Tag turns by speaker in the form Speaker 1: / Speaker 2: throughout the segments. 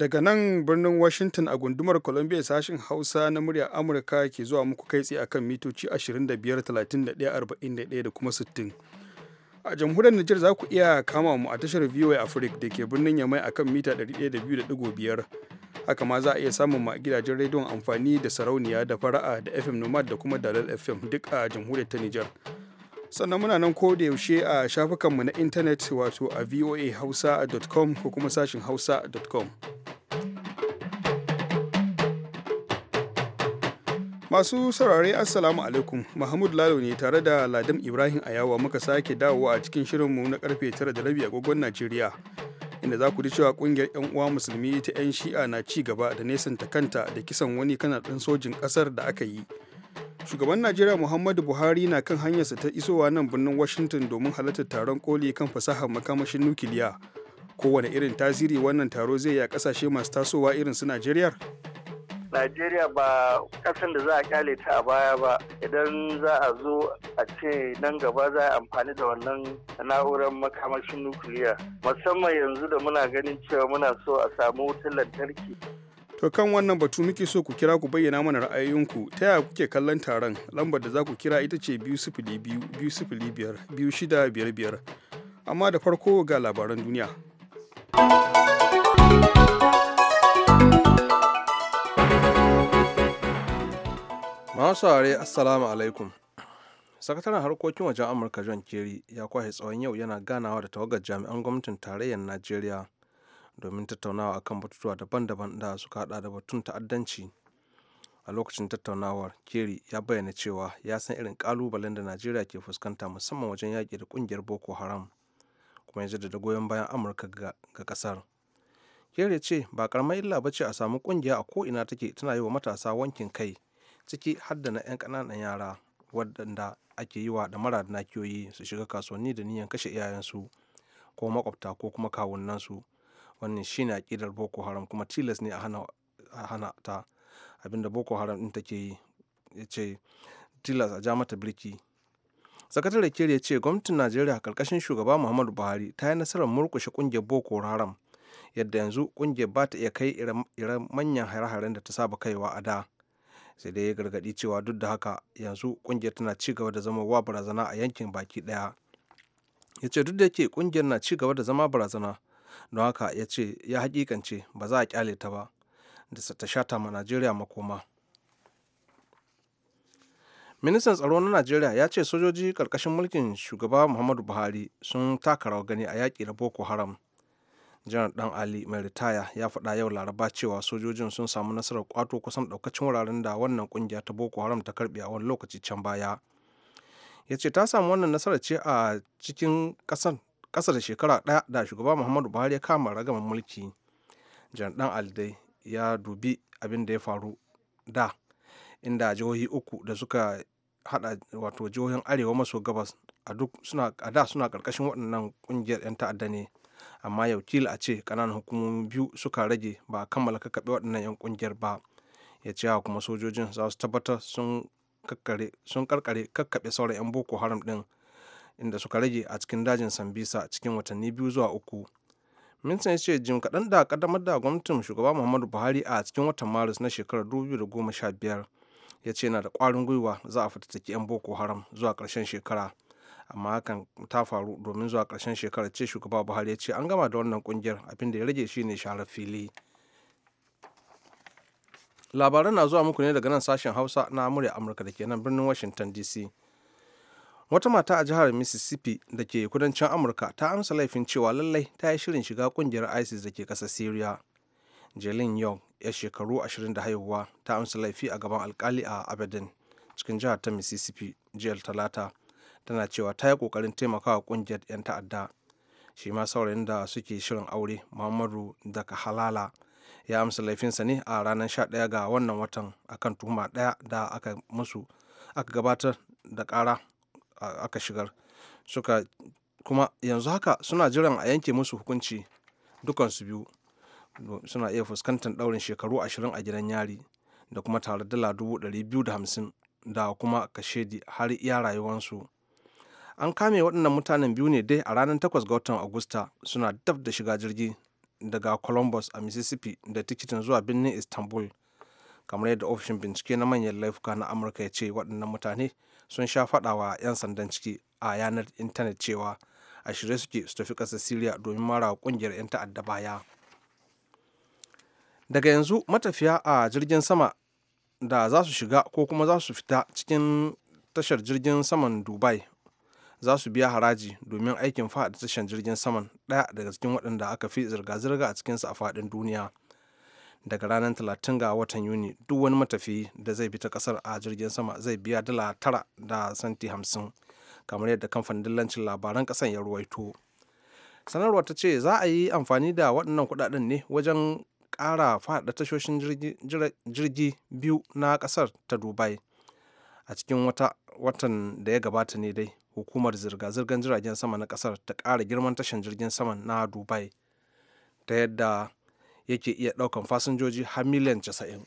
Speaker 1: daga nan birnin washington a gundumar columbia sashen hausa na murya amurka ke zuwa muku kai tsaye akan mitoci 25 31 41 da kuma 60 a jamhuriyar Nijar za ku iya kama mu a tashar VOA Africa da ke birnin Yamai akan mita 102.5 haka ma za a iya samun ma gidajen rediyon amfani da sarauniya da fara'a da FM Nomad da kuma Dalal FM duk a jamhuriyar ta Nijar. sannan muna nan ko da yaushe a shafukanmu na intanet wato a voa voahausa.com ko kuma sashin hausa.com masu saurare assalamu alaikum mahmud lalo ne tare da ladam ibrahim ayawa muka sake dawowa a cikin shirinmu na karfe 9 da rabi agogon najeriya inda za ku ji cewa kungiyar 'yan uwa musulmi ta 'yan shi'a na ci gaba da nesanta kanta da kisan wani kana ɗan sojin kasar da aka yi shugaban najeriya muhammadu buhari na kan hanyarsa ta isowa nan birnin washington domin halartar taron koli kan fasahar makamashin nukiliya kowane irin tasiri wannan taro zai yi a kasashe masu tasowa irin su najeriya
Speaker 2: najeriya ba kasan da za a kyale ta a baya ba idan za a zo a ce nan gaba za a amfani da wannan na'urar makamashin nukiliya musamman yanzu da muna ganin cewa muna so a samu wutar lantarki
Speaker 1: To kan wannan batu muke so ku kira ku bayyana mana ra'ayoyinku ta yaya kuke kallon taron lambar da za ku kira ita ce biyu sifili biyu biyu sifili biyar biyu shida biyar biyar. Amma da farko ga labaran duniya.
Speaker 3: Masu ware Assalamu alaikum. sakataren harkokin wajen amurka john kerry ya kwashe tsawon yau yana ganawa da tawagar jami'an gwamnatin tarayyar najeriya domin tattaunawa akan batutuwa daban-daban da suka hada da batun ta'addanci a lokacin tattaunawar keri ya bayyana cewa ya san irin kalubalen da najeriya ke fuskanta musamman wajen yaƙi da kungiyar boko haram kuma ya jaddada goyon bayan amurka ga ƙasar ya ce ba karamar illa ba ce a samu ƙungiya a ko'ina take tana yi wa matasa wankin kai ciki har na 'yan ƙananan yara waɗanda ake yi wa da mara da nakiyoyi su shiga kasuwanni da niyan kashe iyayensu ko makwabta ko kuma kawunnansu wannan shine aƙidar boko haram kuma tilas ne a hana ta abinda boko haram ɗin take yi ya ce tilas a ja mata birki sakatare kere ya ce gwamnatin najeriya a karkashin shugaba muhammadu buhari ta yi nasarar murkushe kungiyar boko haram yadda yanzu kungiyar ba ta iya kai irin manyan hare-haren da ta saba kaiwa a da sai dai ya gargaɗi cewa duk da haka yanzu kungiyar tana ci gaba da zama wa barazana a yankin baki ɗaya ya ce duk da yake kungiyar na ci gaba da zama barazana don haka ya ce ya hakikance ba za a kyale ta ba da ta shata ma najeriya makoma ministan tsaro na najeriya ya ce sojoji karkashin mulkin shugaba muhammadu buhari sun taka rawar gani a yaƙi da boko haram janar dan ali mai ritaya ya faɗa yau laraba cewa sojojin sun samu nasarar kwato kusan ɗaukacin wuraren da wannan kungiya ta boko haram ta karbe a wani lokaci can baya ya ce ta samu wannan nasarar ce a cikin ƙasar kasa da shekara ɗaya da shugaba muhammadu buhari ya kama ragaman mulki jan dan ya dubi abin da ya faru da inda jihohi uku da suka hada wato jihohin arewa maso gabas a duk suna da suna karkashin waɗannan kungiyar 'yan ta'adda ne amma yau kila a ce ƙananan hukumomi biyu suka rage ba a kammala kakkaɓe waɗannan 'yan kungiyar ba ya ce kuma sojojin za su tabbatar sun karkare kakkaɓe sauran 'yan boko haram ɗin inda suka rage a cikin dajin sambisa cikin watanni biyu zuwa uku minsan ya ce jim kaɗan da ƙaddamar da gwamnatin shugaba muhammadu buhari a cikin watan maris na shekarar 2015 ya ce yana da ƙwarin gwiwa za a fitattaki 'yan boko haram zuwa ƙarshen shekara amma hakan ta faru domin zuwa ƙarshen shekarar ce shugaba buhari ya ce an gama da wannan ƙungiyar abinda ya rage shi ne sharar fili labaran na zuwa muku ne daga nan sashen hausa na amurya amurka da ke nan birnin washington dc wata mata a jihar mississippi da ke kudancin amurka ta amsa laifin cewa lallai ta yi shirin shiga kungiyar isis da ke ƙasar syria jelin young ya shekaru 20 da haihuwa ta amsa laifi a gaban alkali a abedin cikin jihar ta mississippi jihar talata tana cewa ta yi kokarin taimakawa kungiyar 'yan ta'adda shi ma saurayin da suke shirin aure muhammadu daga halala ya amsa laifinsa ne a ranar 11 ga wannan watan akan tuhuma daya da aka musu aka gabatar da kara aka shigar suka kuma yanzu haka suna jiran a yanke musu hukunci dukansu biyu suna iya fuskantar daurin shekaru ashirin a gidan yari da kuma tare dala dubu ɗari biyu da hamsin da kuma kashedi har iya rayuwansu an kame waɗannan mutanen biyu ne dai a ranar takwas ga watan agusta suna dab da shiga jirgi daga columbus a mississippi da tikitin zuwa birnin istanbul kamar yadda ofishin bincike na manyan laifuka na amurka ya ce waɗannan mutane sun sha faɗa 'yan sandan ciki a yanar intanet cewa a shirye suke su tafi ƙasar siriya domin mara ƙungiyar 'yan ta'adda baya daga yanzu matafiya a jirgin sama da za su shiga ko kuma za su fita cikin tashar jirgin saman dubai za su biya haraji domin aikin fada tashar jirgin saman ɗaya daga cikin waɗanda aka fi zirga-zirga a cikinsu a faɗin duniya daga ranar talatin ga watan yuni duk wani matafi da zai bi ta kasar a jirgin sama zai biya dala tara da santi hamsin kamar yadda kamfanin dillancin labaran kasan ya ruwaito sanarwar ta ce za a yi amfani da waɗannan kuɗaɗen ne wajen ƙara faɗa tashoshin jirgi biyu na ƙasar ta dubai a cikin watan da ya gabata ne dai hukumar zirga-zirgar jiragen sama na ƙasar ta ƙara girman tashin jirgin sama na dubai ta yadda yake iya ɗaukan fasinjoji har miliyan 90.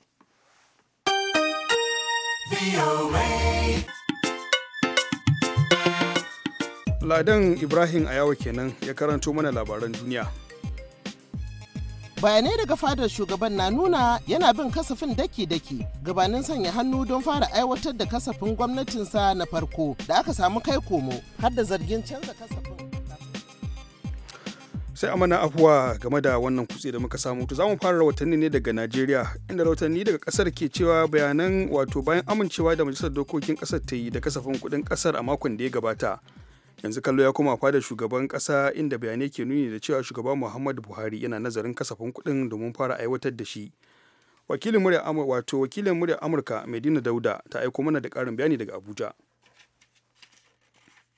Speaker 1: Ladan Ibrahim Ayawa kenan ya karanto mana labaran duniya.
Speaker 4: bayanai daga fadar shugaban na nuna yana bin kasafin daki-daki gabanin sanya hannu don fara aiwatar da kasafin gwamnatinsa na farko da aka samu kai komo har da zargin canza kasafin
Speaker 1: sai amana afuwa game da wannan kutse da muka samu to za mu fara rawatanni ne daga najeriya inda rawatanni daga kasar ke cewa bayanan wato bayan amincewa da majalisar dokokin kasar ta yi da kasafin kudin kasar a makon da ya gabata yanzu kallo ya koma fada shugaban kasa inda bayanai ke nuni da cewa shugaban muhammadu buhari yana nazarin kasafin kudin domin fara aiwatar da shi wakilin murya amurka wato wakilin murya amurka medina dauda ta aiko mana da ƙarin bayani daga abuja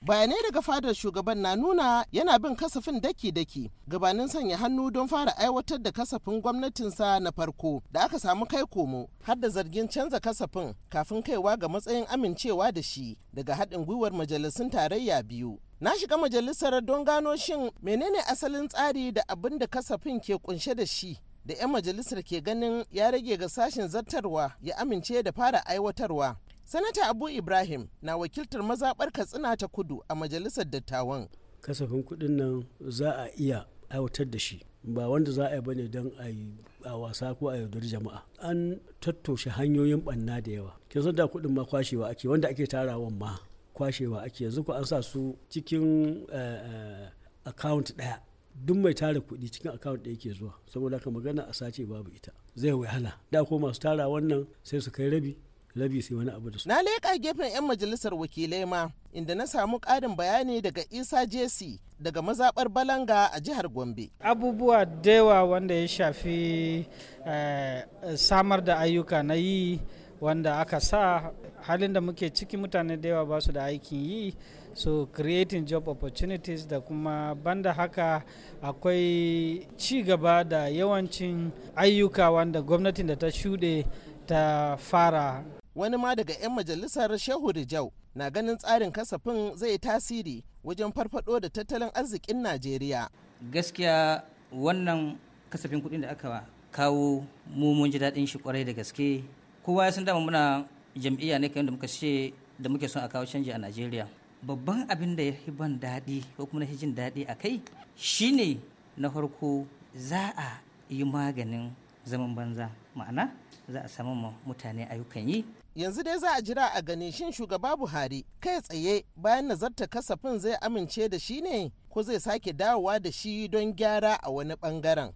Speaker 4: bayanai daga fadar shugaban na nuna yana bin kasafin daki-daki gabanin sanya hannu don fara aiwatar da kasafin gwamnatinsa na farko da aka samu kai komo har da zargin canza kasafin kafin kaiwa ga matsayin amincewa da shi daga haɗin gwiwar majalisun tarayya biyu na shiga majalisar don gano shin menene asalin tsari da abin da kasafin ke kunshe da shi da 'yan majalisar ke ganin ya rage ga sashen zartarwa ya amince da fara aiwatarwa sanata abu ibrahim na wakiltar mazaɓar katsina ta kudu a majalisar dattawan kasafin kuɗin nan za a iya aiwatar da shi ba wanda za a yi bane don a yi a wasa ko a yaudar jama'a an tattoshe hanyoyin ɓanna da yawa kin san da kuɗin ma kwashewa ake wanda ake tarawa ma kwashewa ake yanzu ko an sa su cikin eh, eh, account ɗaya duk mai tara kuɗi cikin account ɗaya ke zuwa saboda haka magana a sace babu ita zai wahala da ko masu tara wannan sai su kai rabi labi sai wani abu da su. Na leƙa gefen 'yan majalisar wakilai ma inda na samu ƙarin bayani daga Isa Jesi daga mazaɓar Balanga a jihar Gombe. Abubuwa da yawa wanda ya shafi eh, samar da ayyuka na yi wanda aka sa halin da muke ciki mutane da yawa ba su da aikin yi so creating job opportunities da kuma banda haka akwai ci gaba da yawancin ayyuka wanda gwamnatin da ta shuɗe ta fara wani ma daga 'yan majalisar shehu rijau na ganin tsarin kasafin zai tasiri wajen farfado da tattalin arzikin najeriya
Speaker 1: gaskiya wannan kasafin kuɗin da aka kawo mu ji daɗin shi kwarai da gaske kowa ya san dama muna jam'iyya ne kayan da muka ce da muke son a kawo canji a najeriya babban
Speaker 4: abin da ya fi ban daɗi ko kuma na jin daɗi a kai ne na farko za a yi maganin zaman banza ma'ana za a samu mutane ayyukan yi yanzu dai za a jira a gani shin shugaba buhari kai tsaye bayan nazarta kasafin zai amince da shi ne ko zai sake dawowa da shi don gyara a wani bangaren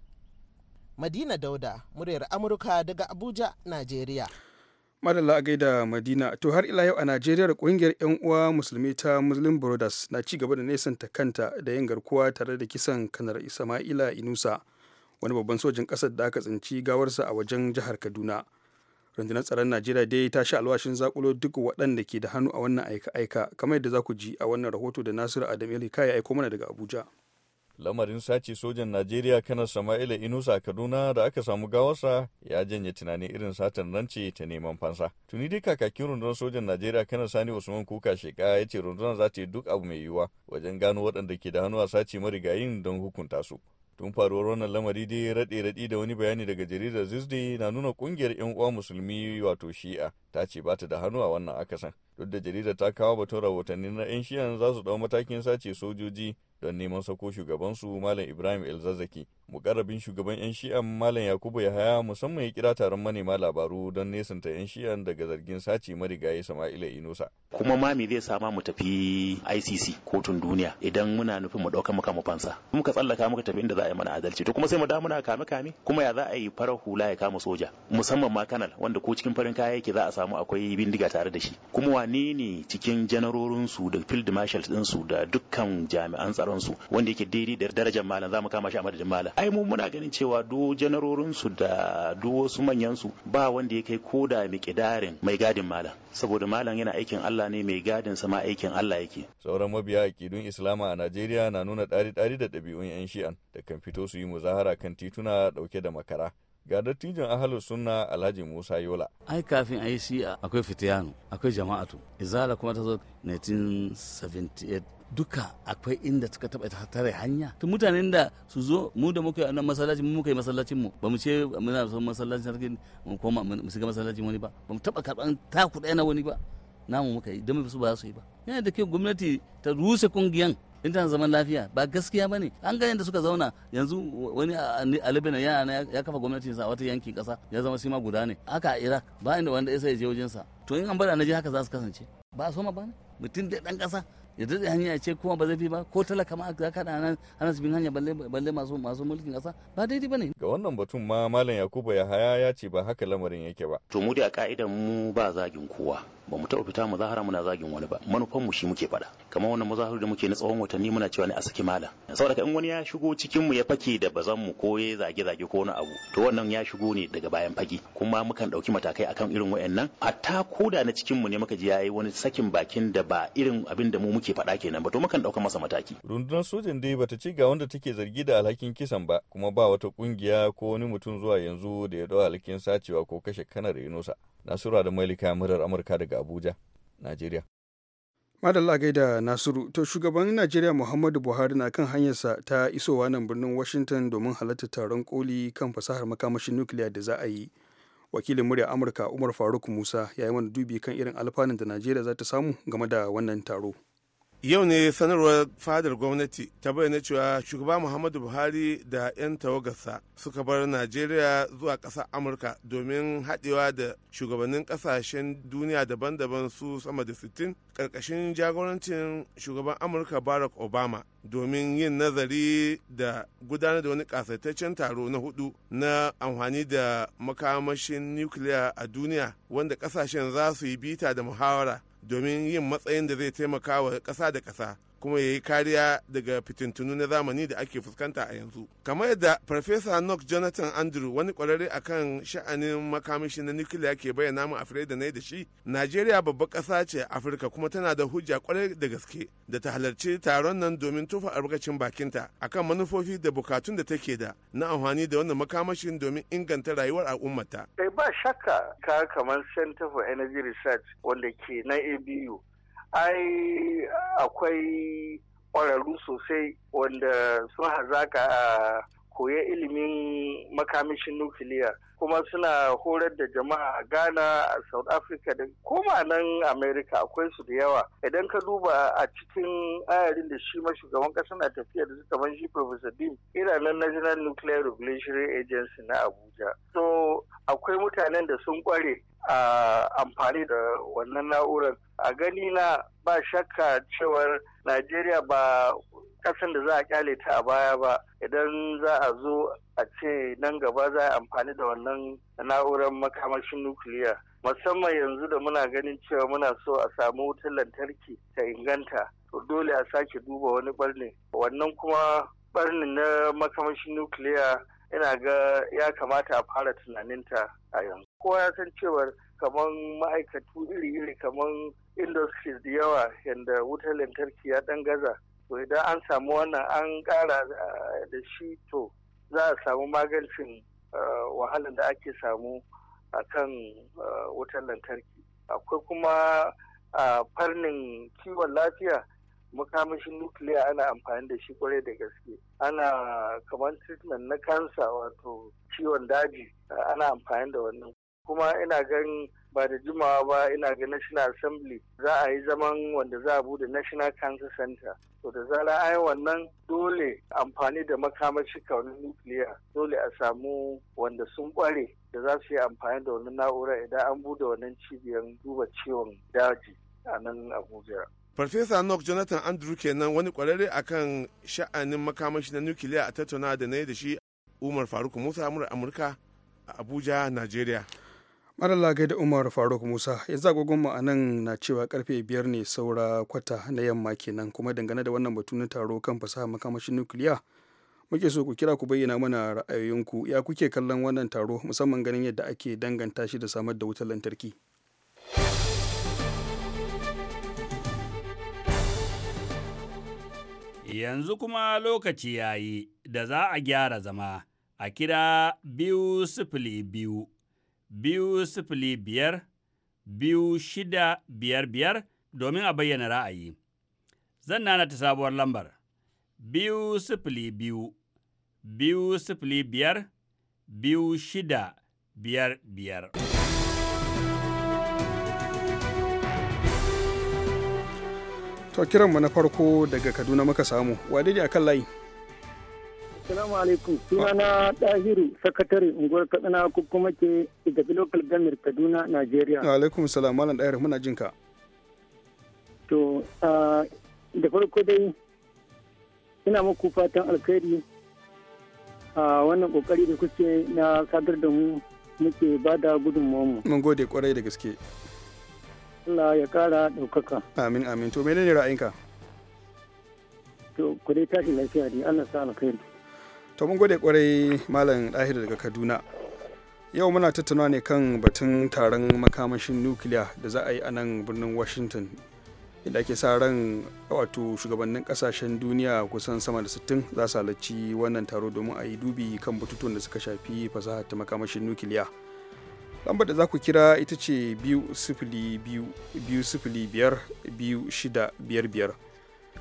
Speaker 4: madina dauda muryar amurka daga abuja najeriya
Speaker 1: madalla a gaida madina to har ila yau a najeriya kungiyar yan uwa musulmi ta muslim brothers na ci gaba da ta kanta da yin garkuwa tare da kisan kanar isma'ila inusa wani babban sojin kasar da aka tsinci gawarsa a wajen jihar kaduna rundunar tsaron najeriya dai ta sha alwashin zakulo duk waɗanda ke da hannu a wannan aika-aika kamar yadda za ku ji a wannan rahoto da nasiru adam ilika ya aiko mana daga abuja
Speaker 5: lamarin sace sojan najeriya kanar sama'ila inusa kaduna da aka samu gawarsa ya janye tunanin irin satar nan ta neman fansa tuni dai kakakin rundunar sojan najeriya kanar sani usman kuka sheka ya ce rundunar za ta yi duk abu mai yiwuwa wajen gano waɗanda ke da hannu a sace marigayin don hukunta su tun faruwar wannan lamari dai raɗe raɗi da wani bayani daga jaridar zizdi na nuna kungiyar yan uwa musulmi wato shi'a ta ce bata da hannu a wannan akasan duk da jaridar ta kawo batun rahotanni na yan shi'an za su ɗau matakin sace sojoji don neman sako shugabansu Malam Ibrahim Elzazzaki. Mukarrabin shugaban 'yan shi'an Malam Yakubu Yahaya musamman ya kira taron manema labaru don nesanta 'yan shi'an daga zargin sace marigayi Sama'ila Inusa.
Speaker 6: Kuma ma me zai
Speaker 5: sama mu tafi
Speaker 6: ICC kotun duniya idan muna nufin mu dauka muka mu fansa. Muka tsallaka muka tafi inda za a yi mana adalci to kuma sai mu da muna kame kame kuma ya za a yi farar hula ya kama soja musamman ma kanal wanda ko cikin farin kaya yake za a samu akwai bindiga tare da shi. Kuma wane ne cikin janarorinsu da field marshals ɗinsu da dukkan jami'an tsaro sauransu su wanda yake daidai da darajar malam zamu kama shi a madadin malam ai mu muna ganin cewa duk janarorin su da duk wasu manyan su ba wanda ya kai koda miƙidarin mai gadin malam saboda malam yana aikin Allah ne mai gadin sa ma aikin Allah yake
Speaker 5: sauran mabiya akidun islama a Najeriya na nuna ɗari-ɗari da ɗabi'un 'yan shi'an da kan fito su yi muzahara kan tituna ɗauke da makara ga dattijan ahalus sunna alhaji musa yola ai kafin yi shi'a akwai fitiyanu akwai jama'atu izala kuma ta zo 1978
Speaker 7: duka akwai inda suka taɓa tare hanya to mutanen da su zo mu da muka yi nan masallacin mu muka yi masallacin mu ba mu ce muna son masallacin sarki mu koma mu shiga masallacin wani ba ba mu taɓa karɓan ta ɗaya na wani ba namu muka yi don su ba su yi ba yana da kyau gwamnati ta rusa kungiyan in tana zaman lafiya ba gaskiya ba ne an ga yadda suka zauna yanzu wani a lebanon yana ya kafa gwamnatin a wata yankin kasa ya zama sima guda ne haka a iraq ba inda wanda ya sai je sa to in an bada na haka za su kasance ba a soma ba ne mutum da dan kasa ya daɗe hanya ce kuma ba zafi ba ko talaka ma za ka nan ana su bin hanya balle masu masu mulkin ƙasa
Speaker 5: ba daidai bane ga wannan batun ma malam yakuba ya haya ya ce ba haka lamarin yake ba to mu dai a ka'idan
Speaker 6: mu ba zagin kowa ba mu taɓa fita muzahara muna zagin wani ba manufan mu shi muke faɗa kamar wannan muzaharu da muke na tsawon watanni muna cewa ne a saki malam saboda in wani ya shigo cikin mu ya fake da bazan mu ko ya zage zage ko wani abu to wannan ya shigo ne daga bayan fage kuma mukan ɗauki matakai akan irin wayannan hatta koda na cikin mu ne muka ji yayi wani sakin bakin da ba irin abin da mu muke yake faɗa kenan ba to mukan ɗauka masa mataki.
Speaker 5: Rundunar sojan dai bata ci ga wanda take zargi da alhakin kisan ba kuma ba wata kungiya ko wani mutum zuwa yanzu da ya ɗau alhakin sacewa ko kashe kanar Yunusa. Nasura da Malika murar Amurka daga Abuja, Najeriya.
Speaker 1: Madalla gaida Nasiru, to shugaban Najeriya Muhammadu Buhari na kan hanyarsa ta isowa nan birnin Washington domin halartar taron koli kan fasahar makamashin nukiliya da za a yi. Wakilin murya Amurka Umar Faruk Musa ya yi mana dubi kan irin alfanun da Najeriya za ta samu game da wannan taro. yau
Speaker 8: ne sanarwar fadar gwamnati ta bayyana cewa shugaba muhammadu buhari da 'yan tawagarsa suka bar najeriya zuwa ƙasar amurka domin haɗewa da shugabannin ƙasashen duniya daban-daban su sama da 60 ƙarƙashin jagorancin shugaban amurka barack obama domin yin nazari da gudanar da wani ƙasaitaccen taro na hudu na amfani da makamashin nukiliya a duniya wanda ƙasashen za su yi bita da muhawara domin yin matsayin da zai taimaka wa ƙasa da ƙasa kuma ya yi kariya daga fitintunu na zamani da ake fuskanta a yanzu kamar yadda farfesa nock jonathan andrew wani kwararre akan sha'anin makamashi na nukiliya ke bayyana mu afirai da na da shi najeriya babbar ƙasa ce afirka kuma tana da hujja kwarai da gaske da ta halarci taron nan domin tufa albarkacin bakinta akan manufofi da bukatun da take da na amfani da wannan makamashin domin inganta rayuwar al'ummata.
Speaker 2: Eh, ba shakka ka kamar center for energy research wanda ke na abu ai akwai ƙwararru sosai wanda sun hazaka a koya ilimin makamashin nukiliya kuma suna horar da jama'a a ghana a south africa da koma nan america akwai su da yawa idan ka duba a cikin ayarin da shi ma shugaban kasa na tafiya da suka shi professor dean iranan national nuclear regulatory agency na abuja so akwai mutanen da sun kware a amfani da wannan na'urar a gani na ba shakka cewar najeriya ba kasan da za a kyale ta a baya ba idan za a zo a ce nan gaba za a amfani da wannan na'urar makamashin nukiliya musamman yanzu da muna ganin cewa muna so a samu wutar lantarki ta inganta to dole a sake duba wani barni wannan kuma barni na makamashin nukiliya ina ga ya kamata a fara tunaninta a yanzu kowa ya san cewa kamar ma'aikatu iri-iri kamar industries da yawa yadda wutar lantarki ya dan gaza to idan an samu wannan an kara eh, da shi to za a samu magancin eh, wahalar da ake samu a kan eh, wutar lantarki akwai kuma a farnin kiwon lafiya makamashin nukiliya ana amfani da shi kwarai da gaske ana kamar treatment na kansa wato ciwon daji ana amfani da wannan kuma ina ganin ba da jimawa ba ina ga national assembly za a yi zaman wanda za a bude national cancer center to da zara ayi wannan dole amfani da makamashi kaunin nukiliya dole a samu wanda sun kware da za su yi amfani da wani na'ura idan an bude wannan cibiyar duba ciwon daji a nan abuja
Speaker 8: Farfesa Nock Jonathan Andrew kenan wani kwararre akan sha'anin makamashi na nukiliya a tattauna da na da shi Umar Faruk Musa Amurka a Abuja, Najeriya.
Speaker 1: Madalla gaida Umar Faruk Musa yanzu agogon mu nan na cewa karfe biyar ne saura kwata na yamma kenan kuma dangane da wannan batun na taro kan fasaha makamashin nukiliya muke so ku kira ku bayyana mana ra'ayoyinku ya kuke kallon wannan taro musamman ganin yadda ake danganta shi da samar da wutar lantarki.
Speaker 5: Yanzu kuma lokaci yayi da za a gyara zama a kira biyu sifili biyu biyu sifili biyar biyu shida biyar biyar domin a bayyana ra'ayi. Zan nana ta sabuwar lambar biyu sifili biyu biyu sifili biyar biyu shida biyar biyar.
Speaker 1: To na farko daga Kaduna muka samu, wadai a kan layi? Assalamu alaikum. na
Speaker 7: Dahiru, sakatare unguwar Katsina ko kuma ke da local gamir Kaduna, Najeriya.
Speaker 1: Alaikum salam malam Dahiru muna jin ka.
Speaker 7: To, da farko dai ina muku fatan alkhairi a wannan kokari da kuke na sadar da mu muke ba da mu?
Speaker 1: Mun gode kwarai da gaske. Allah ya kara ɗaukaka. Amin amin. To menene ra'ayinka? To ku dai tashi lafiya ne Allah sa alkhairi. to mun gode kwarai malam dahir daga kaduna yau muna tattauna ne kan batun taron makamashin nukiliya da za a yi a nan birnin washington inda ake sa ran wato shugabannin kasashen duniya kusan sama da 60 za su halarci wannan taro domin a yi dubi kan batutuwan da suka shafi fasaha ta makamashin nukiliya lambar da za ku kira ita ce 2 0 2 0 5 2 6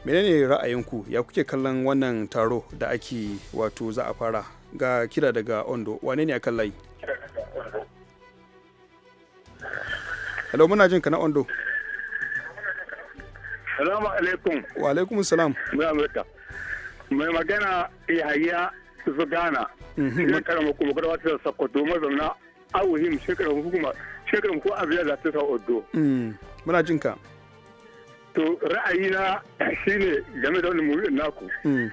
Speaker 1: menene ra'ayinku ya kuke kallon wannan taro da ake wato za a fara ga kira daga ondo wane ne akan layi hello muna jin ka na ondo
Speaker 7: salamu alaikum
Speaker 1: wa alaikum salam
Speaker 7: mai magana ya su gana mun mhm. kara kuma gudawa ta sakkwato mazauna awuhim shekarar hukuma shekarar ko abiya za ta sa odo
Speaker 1: mm. muna jin ka
Speaker 7: to ra'ayina shine game da wani mawuyin naku hmm.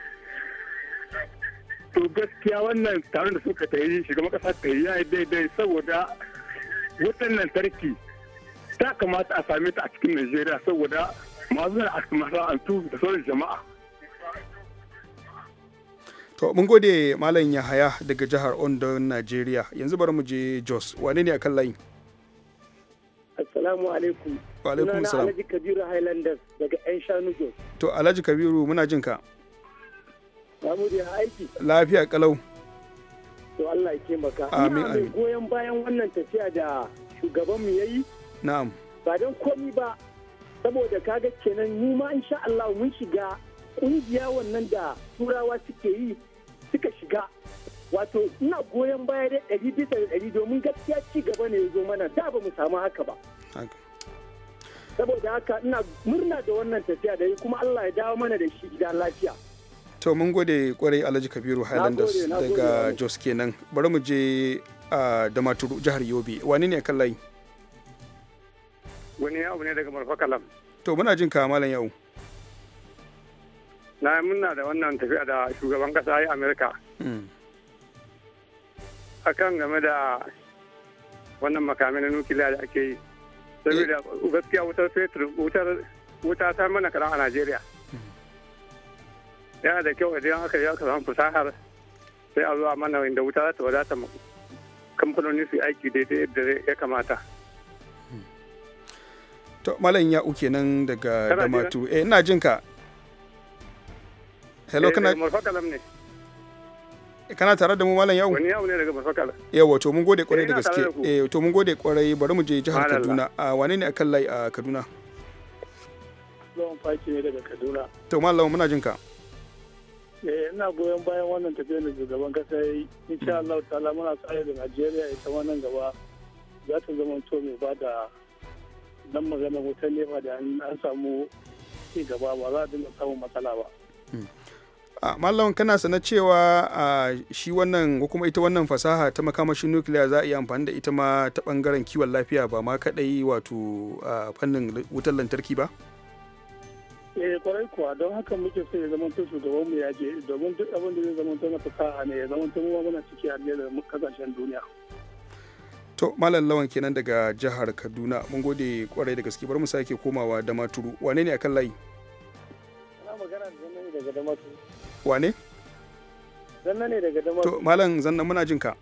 Speaker 7: to gaskiya wannan taron da suka ta yi shiga makasa ta yi yayi daidai saboda wutan lantarki ta kamata a same ta a cikin najeriya saboda masu a masana'antu da sauran jama'a
Speaker 1: to mun gode malam yahaya daga jihar ondo najeriya yanzu bari mu je jos wane ne a kan layin
Speaker 7: Assalamu alaikum.
Speaker 1: Wa alaikum salam. Alhaji
Speaker 7: Kabiru Highlanders daga ‘yan shanu Jos.
Speaker 1: To Alhaji Kabiru muna jin ka.
Speaker 7: Samu da aiki.
Speaker 1: Lafiya kalau.
Speaker 7: To Allah ya taimaka. Amin amin. Ina goyon bayan wannan tafiya da shugaban mu yayi. Na'am. Ba don komi ba saboda kaga kenan mu ma insha Allah mun shiga kungiya wannan da turawa suke yi suka shiga wato ina goyon baya da ɗari bisa da ɗari domin gaskiya ci gaba ne ya zo mana da ba mu samu haka ba saboda haka ina murna da wannan tafiya da yi kuma Allah ya dawo mana da shi gidan lafiya
Speaker 1: to mun gode kwarai Alhaji Kabiru Highlanders daga Jos kenan bari mu je a Damaturu jihar Yobe wani ne kallai layi
Speaker 7: wani yau ne daga Marfakalam
Speaker 1: to muna jin ka malam yau
Speaker 7: na muna da wannan tafiya da shugaban kasa ya Amerika hmm. akan game da wannan makamin na nukiliya da ake yi saboda gaskiya wutar fetur wutar wuta ta mana kara a najeriya yana da kyau idan aka yi aka samu fasahar sai a zuwa mana inda wuta za ta wadata kamfanoni su aiki daidai yadda ya kamata
Speaker 1: to malam ya uke nan daga damatu eh ina jinka hello eh, kana ne Eh, kana tare da mu malam yau wani
Speaker 7: yau ne daga basakal
Speaker 1: yawa to mun gode kwarai eh, da gaske eh to mun gode kwarai bari mu je jihar Kaduna a ah, wane ne akan lai a Kaduna
Speaker 7: Lawan Faki ne daga Kaduna
Speaker 1: to malam muna jin ka
Speaker 7: eh ina goyon bayan wannan tafiyar da shugaban kasa yi insha hmm. Allah ta'ala muna tsaye da Najeriya ita wannan gaba za ta zama to mai ba da dan magana wutar nefa da an samu ci gaba ba za a dinga samun matsala ba
Speaker 1: hmm. a ah, mallam kana sana cewa a ah, shi wannan ko kuma ita wannan fasaha ta makamashin nukiliya za a yi amfani da ita ma ta bangaren kiwon lafiya ba ma kadai wato ah, fannin wutar lantarki ba
Speaker 7: eh kwarai kuwa don haka muke so ya zama shugaban mu ya je domin duk abin da zai zama na fasaha ne ya zama mu muna ciki a da kasashen duniya
Speaker 1: to malam lawan kenan daga jihar kaduna mun gode kwarai da gaske bar mu sake komawa da maturu wane ne akan layi
Speaker 7: ana magana da daga da maturu wane zanna ne daga damar to malam
Speaker 1: zanna muna jin ka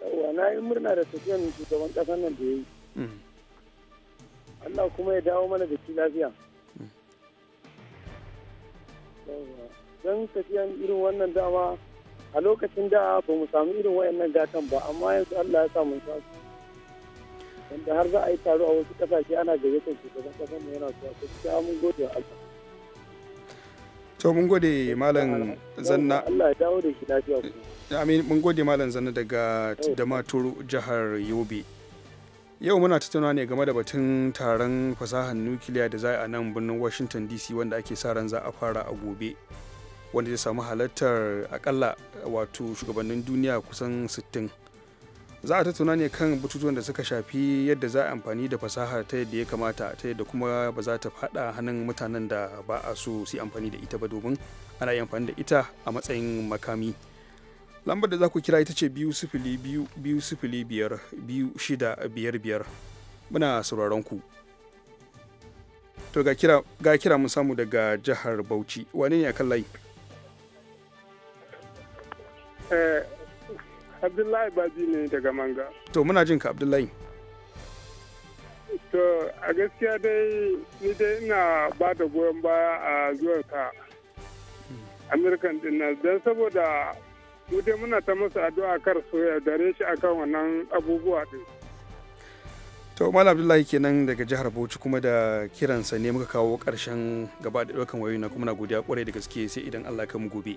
Speaker 7: yawa na yi murna da tafiyan shugaban ƙasar nan da ya yi mm. Allah kuma ya dawo mana da shi lafiya mm. don tafiyan irin wannan dama a lokacin da ba mu samu irin wayannan gatan ba amma yanzu Allah ya samu samu wanda har za a yi taro a wasu kasashe ana gayyatar shugaban kasar mu yana zuwa, a gaskiya mun gode wa Allah
Speaker 1: to mun gode malam zanna ya amin mun gode malam zanna daga Damaturu jihar Yobe yau muna tattauna ne game da batun taron fasahar nukiliya da za a nan birnin washington dc wanda ake sa ran za a fara a gobe wanda zai samu halartar akalla wato shugabannin duniya kusan 60 za a ta tattauna ne kan batutuwan da suka shafi yadda za a amfani da fasaha ta yadda ya kamata ta yadda kuma ba za ta fada hannun mutanen da ba a so su amfani da ita ba domin ana yi amfani da ita a matsayin makami lambar da za ku kira ita ce biyu sifili biyu biyu sifili biyar biyu shida biyar biyar muna sauraron ku to ga kira mun samu daga jihar bauchi wane ne a kan layi
Speaker 7: eh, Abdullahi Baji ne daga Manga.
Speaker 1: To muna jin ka Abdullahi.
Speaker 7: To a gaskiya dai ni dai ina ba da goyon baya a zuwarka Amerikan din nan don saboda mu dai muna ta masa addu'a kar su dare shi akan wannan abubuwa din.
Speaker 1: To Malam Abdullahi kenan daga jihar Bauchi kuma da kiransa ne muka kawo karshen gaba da ɗaukan wayoyi na kuma na godiya kwarai da gaske sai idan Allah ka mu gobe.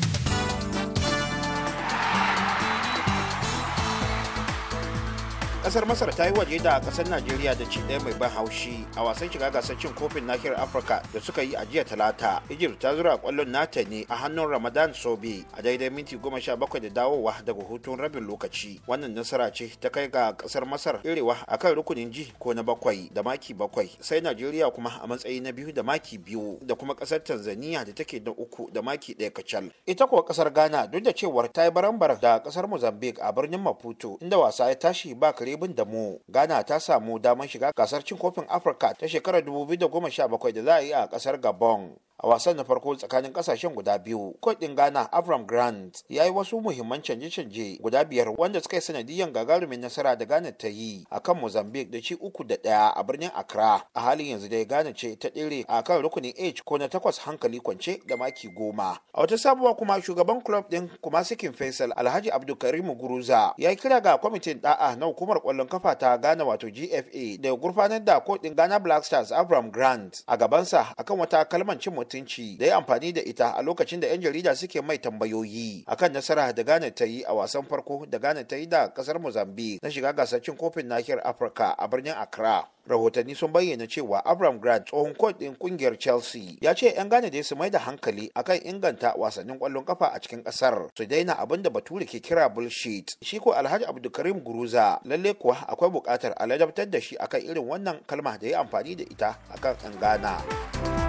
Speaker 9: kasar masar ta yi waje da kasar najeriya da ci ɗaya mai ban haushi a wasan shiga gasar cin kofin nahiyar afirka da suka yi a jiya talata egypt ta zura kwallon nata ne a hannun ramadan sobe a daidai minti goma sha bakwai da dawowa daga hutun rabin lokaci wannan nasara ce ta kai ga kasar masar irewa a kan rukunin ji ko na bakwai da maki bakwai sai najeriya kuma a matsayi na biyu da maki biyu da kuma kasar tanzania da take na uku da maki ɗaya kacal ita kuwa kasar ghana duk da cewar ta yi barambar da kasar mozambique a birnin maputo inda wasa ya tashi ba kare abin da mu ghana ta samu damar shiga gasar cin kofin afirka ta shekarar 2017 da za a yi a kasar gabon a wasan na farko tsakanin kasashen guda biyu kwadin ghana avram grant ya yi wasu muhimman canje-canje guda biyar wanda suka yi sanadiyyar gagarumin nasara da ghana ta yi a kan mozambique da ci uku da daya a birnin accra a halin yanzu dai ghana ce ta dire a kan rukunin h ko na takwas hankali kwance da maki goma a wata sabuwa kuma shugaban club din kuma sikin faisal alhaji abdulkarim guruza ya yi kira ga kwamitin da'a na hukumar kwallon kafa ta ghana wato gfa da gurfanar da kotun ghana black stars avram grant a gabansa akan wata kalmancin cin mutunci da ya amfani da ita a lokacin da 'yan jarida suke mai tambayoyi akan nasara da Ghana ta yi a wasan farko da Ghana ta yi da kasar Mozambique na shiga gasar cin kofin nahiyar Afirka a birnin Accra. Rahotanni sun bayyana cewa Abraham Grant tsohon kwad ɗin kungiyar Chelsea ya ce 'yan Ghana da su mai da hankali akan inganta wasannin kwallon kafa a cikin ƙasar su daina abin da Bature ke kira bullshit. Shi ko Alhaji Abdulkarim Guruza lalle kuwa akwai buƙatar a ladabtar da shi akan irin wannan kalma da ya amfani da ita akan 'yan Ghana.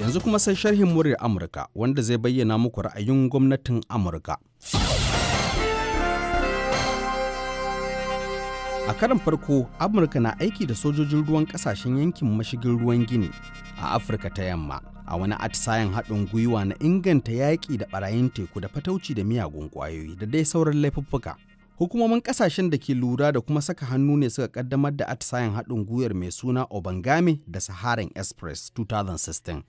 Speaker 10: Yanzu kuma sai sharhin muryar Amurka wanda zai bayyana muku ra'ayin gwamnatin Amurka. A karan farko, Amurka na aiki da sojojin ruwan kasashen yankin mashigin ruwan Gini a Afirka ta yamma a wani atisayen haɗin gwiwa na inganta yaƙi da ɓarayin teku da fatauci da miyagun ƙwayoyi da dai sauran laifuffuka. Hukumomin ƙasashen da ke lura da kuma saka hannu ne suka ƙaddamar da atisayen haɗin gwiwar mai suna Obangame da Saharan Express 2016.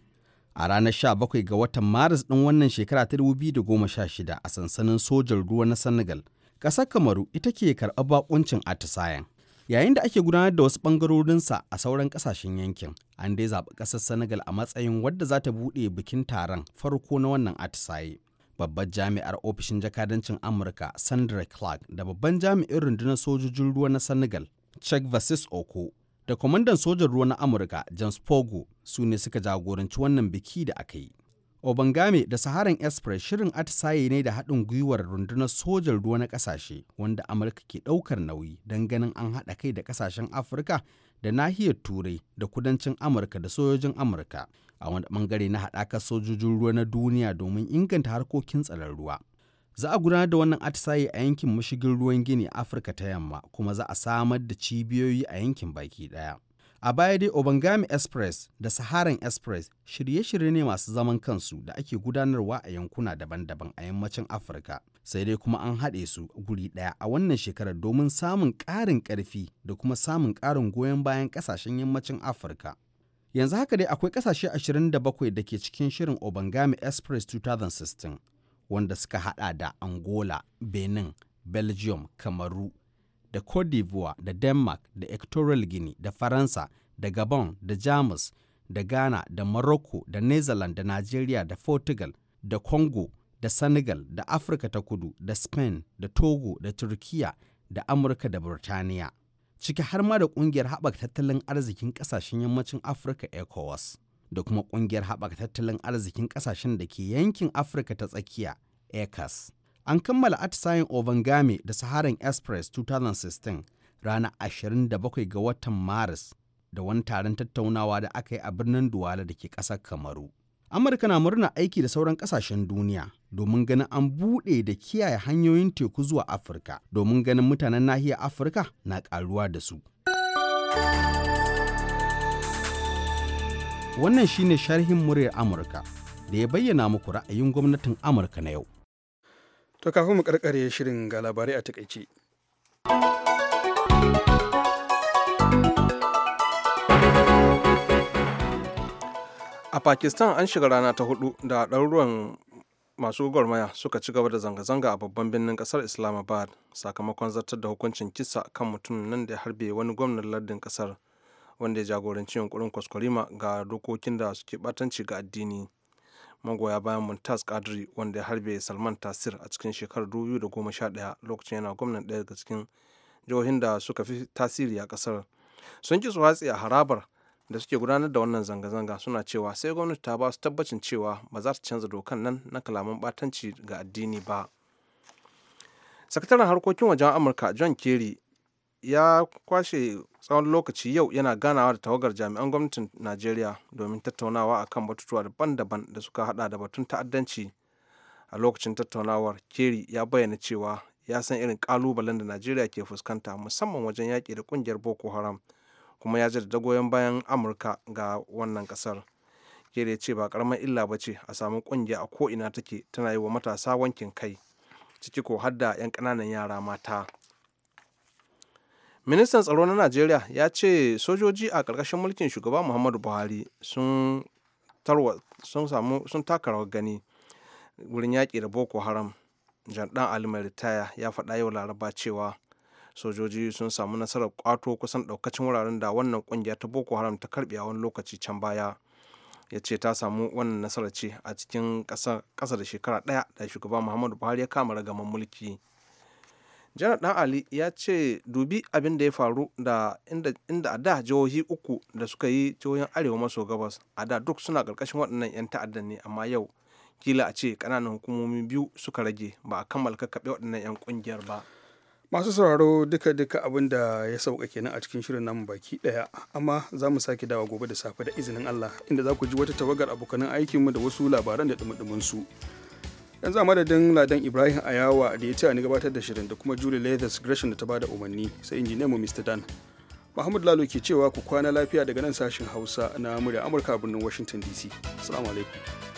Speaker 10: a ranar 17 ga watan maris ɗin wannan shekara ta 2016 a sansanin sojan ruwa na senegal ƙasar kamaru ita ke karɓar bakuncin atisayen yayin da ake gudanar da wasu ɓangarorinsa a sauran ƙasashen yankin an dai zaɓi ƙasar senegal a matsayin wadda za ta buɗe bikin taron farko na wannan atisaye babbar jami'ar ofishin jakadancin amurka sandra clark da babban jami'in rundunar sojojin ruwa na senegal Chek Vasis Oko da kwamandan sojan ruwa na amurka james pogo su ne suka jagoranci wannan biki da aka yi obangame da saharan express shirin atisaye ne da haɗin gwiwar rundunar sojan ruwa na ƙasashe wanda amurka ke ɗaukar nauyi don ganin an haɗa kai da ƙasashen afirka da nahiyar turai da kudancin amurka da sojojin amurka a wani ɓangare na haɗakar sojojin ruwa na duniya domin inganta harkokin tsaron ruwa Za a gudanar da wannan atisaye a yankin mashigin ruwan Gini Afirka ta Yamma kuma za a samar da cibiyoyi a yankin baki ɗaya. A baya dai Obangami Express da Saharan Express shirye-shirye ne masu zaman kansu da ake gudanarwa a yankuna daban-daban a yammacin Afirka. Sai dai kuma an haɗe su guri ɗaya a wannan shekarar domin samun ƙarin ƙarfi da kuma samun ƙarin goyon bayan ƙasashen yammacin Afirka. Yanzu haka dai akwai ƙasashe 27 da ke cikin shirin Obangami Express 2016 wanda suka hada da angola benin belgium kamaru da cote d'ivoire da denmark da equatorial guinea da faransa da gabon da jamus da ghana da morocco da netherlands da nigeria da portugal da congo da senegal da afirka ta kudu da spain da togo da turkiya da amurka da burtaniya ciki har ma da kungiyar haɓaka tattalin arzikin ƙasashen yammacin afirka ecowas da kuma kungiyar haɓaka tattalin arzikin ƙasashen da ke yankin Afirka ta tsakiya, ECAS. An kammala atisayen Ovangame da Saharan Express 2016 ranar 27 ga watan Maris da wani taron tattaunawa da aka yi a birnin Duwala da ke ƙasar Kamaru. Amurka na murna aiki da sauran ƙasashen duniya domin ganin an buɗe da kiyaye hanyoyin teku zuwa Afirka domin ganin mutanen nahiyar Afirka na ƙaruwa da su. Wannan shine sharhin muryar Amurka da ya bayyana muku ra'ayin gwamnatin Amurka na yau.
Speaker 1: To kafin mu karkare shirin ga labarai a takaice.
Speaker 3: A Pakistan an shiga rana ta hudu da ɗaruruwan masu gwarmaya suka ci gaba da zanga-zanga a babban birnin kasar Islamabad sakamakon zartar da hukuncin kisa kan mutum nan da ya harbe wani gwamnan lardin kasar. wanda ya jagoranci yunkurin kwaskwarima ga dokokin da suke batanci ga addini magoya bayan muntas Kadri wanda ya harbe Salman Tasir a cikin shekarar 2011 lokacin yana gwamnan ɗaya daga cikin jihohin da suka fi tasiri a ƙasar sun ki su watsi a harabar da suke gudanar da wannan zanga-zanga suna cewa sai gwamnati ta ba su tabbacin cewa ba za ta canza dokan nan na kalaman batanci ga addini ba sakataren harkokin wajen amurka john kerry ya kwashe tsawon lokaci yau yana ganawa da tawagar jami'an gwamnatin najeriya domin tattaunawa a kan batutuwa daban-daban da suka hada da batun ta'addanci a lokacin tattaunawar keri ya bayyana cewa ya san irin kalubalen da najeriya ke fuskanta musamman wajen yaƙi da kungiyar boko haram kuma ya jaddada goyon bayan amurka ga wannan ƙasar keri ya ce ba karamar illa ba ce a samu ƙungiya a ko'ina take tana yi wa matasa wankin kai ciki ko har 'yan ƙananan yara mata ministan tsaro na najeriya ya ce sojoji a ƙarƙashin mulkin shugaba muhammadu buhari sun taka rawar gani wurin yaƙi da boko haram jandan ali mai ritaya ya faɗa yau laraba cewa sojoji sun samu nasarar kwato kusan ɗaukacin wuraren da wannan ƙungiya ta boko haram ta karɓe a wani lokaci can baya ya ce ta samu wannan nasarar ce a cikin ƙasa da shekara ɗaya da shugaba muhammadu buhari ya kama ragaman mulki janar dan ali ya ce dubi abin da ya faru da inda a da jihohi uku da suka yi jihohin arewa maso gabas a da duk suna karkashin waɗannan 'yan ta'addan ne amma yau kila a ce kananan hukumomi biyu suka rage
Speaker 1: ba a kammala kakkaɓe waɗannan 'yan kungiyar ba masu sauraro duka-duka abin da ya sauka kenan a cikin shirin namu baki daya amma za mu sake dawa gobe da safe da izinin allah inda za ku ji wata tawagar abokanan aikinmu da wasu labaran da dumudumin su yanzu a madadin ladan ibrahim ayawa da ya ce ni gabatar da shirin da kuma julie leathers gresham da ta bada umarni sai inji mu mr dan mahmud lalo ke cewa ku kwana lafiya daga nan sashen hausa na murya amurka birnin washington dc assalamu alaikum